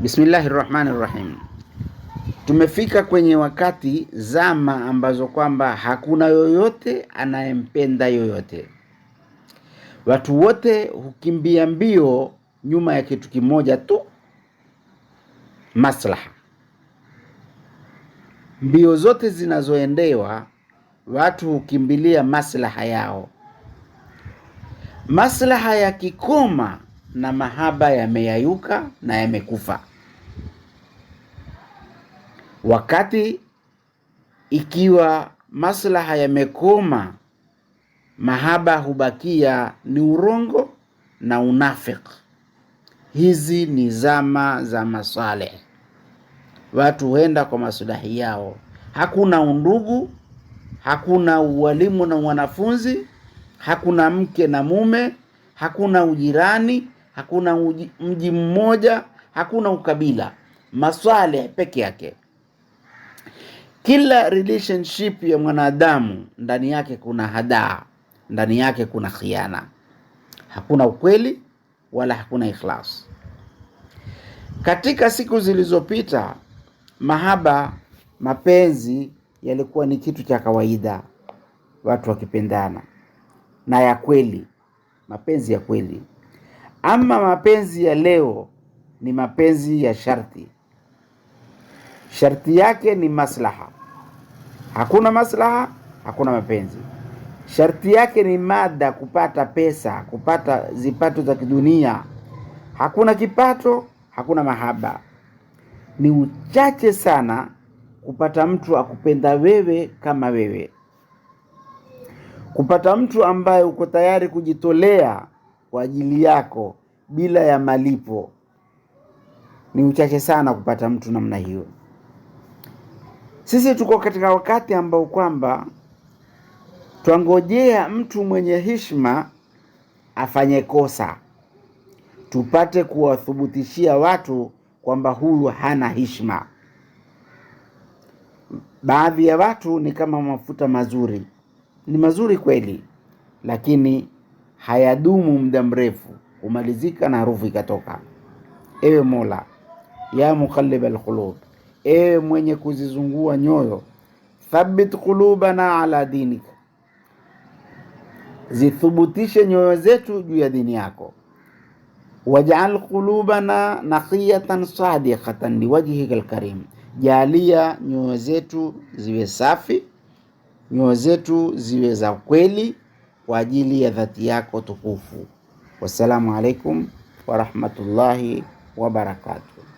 Bismillahi rahmani rahim. Tumefika kwenye wakati, zama ambazo kwamba hakuna yoyote anayempenda yoyote. Watu wote hukimbia mbio nyuma ya kitu kimoja tu, maslaha. Mbio zote zinazoendewa, watu hukimbilia maslaha yao. Maslaha yakikoma na mahaba yameyayuka na yamekufa. Wakati ikiwa maslaha yamekoma, mahaba hubakia ni urongo na unafiki. Hizi ni zama za masaleh, watu huenda kwa maslahi yao, hakuna undugu, hakuna ualimu na wanafunzi, hakuna mke na mume, hakuna ujirani hakuna uji, mji mmoja, hakuna ukabila, maswale peke yake. Kila relationship ya mwanadamu ndani yake kuna hadaa, ndani yake kuna khiana, hakuna ukweli wala hakuna ikhlas. Katika siku zilizopita, mahaba, mapenzi yalikuwa ni kitu cha kawaida, watu wakipendana na ya kweli, mapenzi ya kweli. Ama mapenzi ya leo ni mapenzi ya sharti, sharti yake ni maslaha. Hakuna maslaha, hakuna mapenzi. Sharti yake ni mada, kupata pesa, kupata zipato za kidunia. Hakuna kipato, hakuna mahaba. Ni uchache sana kupata mtu akupenda wewe kama wewe, kupata mtu ambaye uko tayari kujitolea kwa ajili yako bila ya malipo. Ni uchache sana kupata mtu namna hiyo. Sisi tuko katika wakati ambao kwamba twangojea mtu mwenye heshima afanye kosa tupate kuwathubutishia watu kwamba huyu hana heshima. Baadhi ya watu ni kama mafuta mazuri, ni mazuri kweli, lakini hayadumu muda mrefu, kumalizika na harufu ikatoka. Ewe Mola, ya muqallib alqulub, ewe mwenye kuzizungua nyoyo, thabbit qulubana ala dinik zithubutishe nyoyo zetu juu ya dini yako. Waj'al qulubana naqiyatan sadiqatan liwajhika alkarim, jalia nyoyo zetu ziwe safi, nyoyo zetu ziwe za kweli kwa ajili ya dhati yako tukufu. Wassalamu alaikum warahmatullahi wabarakatuh.